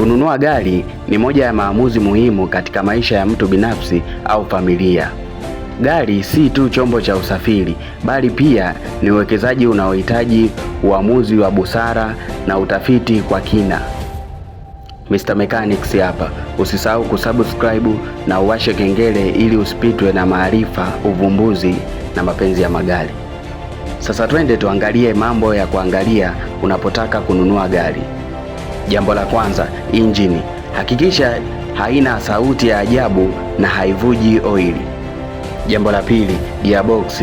Kununua gari ni moja ya maamuzi muhimu katika maisha ya mtu binafsi au familia. Gari si tu chombo cha usafiri, bali pia ni uwekezaji unaohitaji uamuzi wa busara na utafiti kwa kina. Mr. Mechanics hapa. Usisahau kusubscribe na uwashe kengele ili usipitwe na maarifa, uvumbuzi na mapenzi ya magari. Sasa twende tuangalie mambo ya kuangalia unapotaka kununua gari. Jambo la kwanza, injini. Hakikisha haina sauti ya ajabu na haivuji oili. Jambo la pili, gearbox.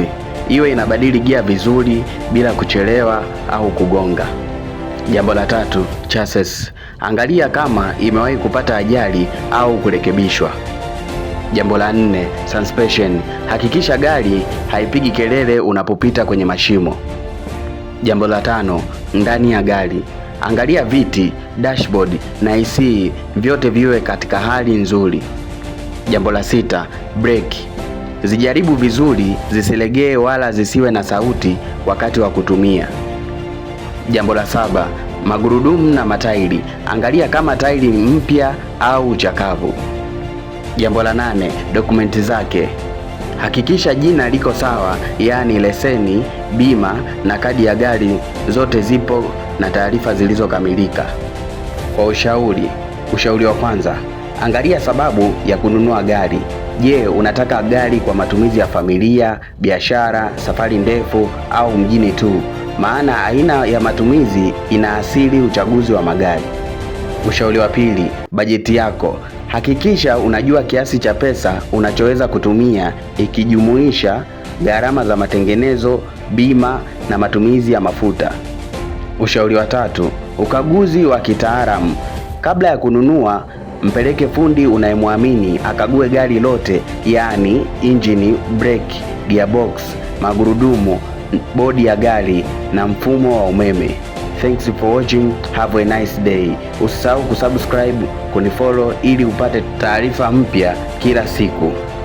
Iwe inabadili gia vizuri bila kuchelewa au kugonga. Jambo la tatu, chassis. Angalia kama imewahi kupata ajali au kurekebishwa. Jambo la nne, suspension. Hakikisha gari haipigi kelele unapopita kwenye mashimo. Jambo la tano, ndani ya gari. Angalia viti, dashboard na AC vyote viwe katika hali nzuri. Jambo la sita, breki zijaribu vizuri, zisilegee wala zisiwe na sauti wakati wa kutumia. Jambo la saba, magurudumu na matairi, angalia kama tairi mpya au chakavu. Jambo la nane, dokumenti zake Hakikisha jina liko sawa, yaani leseni, bima na kadi ya gari zote zipo na taarifa zilizokamilika. Kwa ushauri, ushauri wa kwanza, angalia sababu ya kununua gari. Je, unataka gari kwa matumizi ya familia, biashara, safari ndefu au mjini tu? Maana aina ya matumizi inaathiri uchaguzi wa magari. Ushauri wa pili, bajeti yako. Hakikisha unajua kiasi cha pesa unachoweza kutumia ikijumuisha gharama za matengenezo, bima na matumizi ya mafuta. Ushauri wa tatu, ukaguzi wa kitaalamu. Kabla ya kununua, mpeleke fundi unayemwamini akague gari lote, yaani injini, breki, gearbox, magurudumu, bodi ya gari na mfumo wa umeme. Thanks for watching, have a nice day. Usisahau kusubscribe, kunifollow ili upate taarifa mpya kila siku.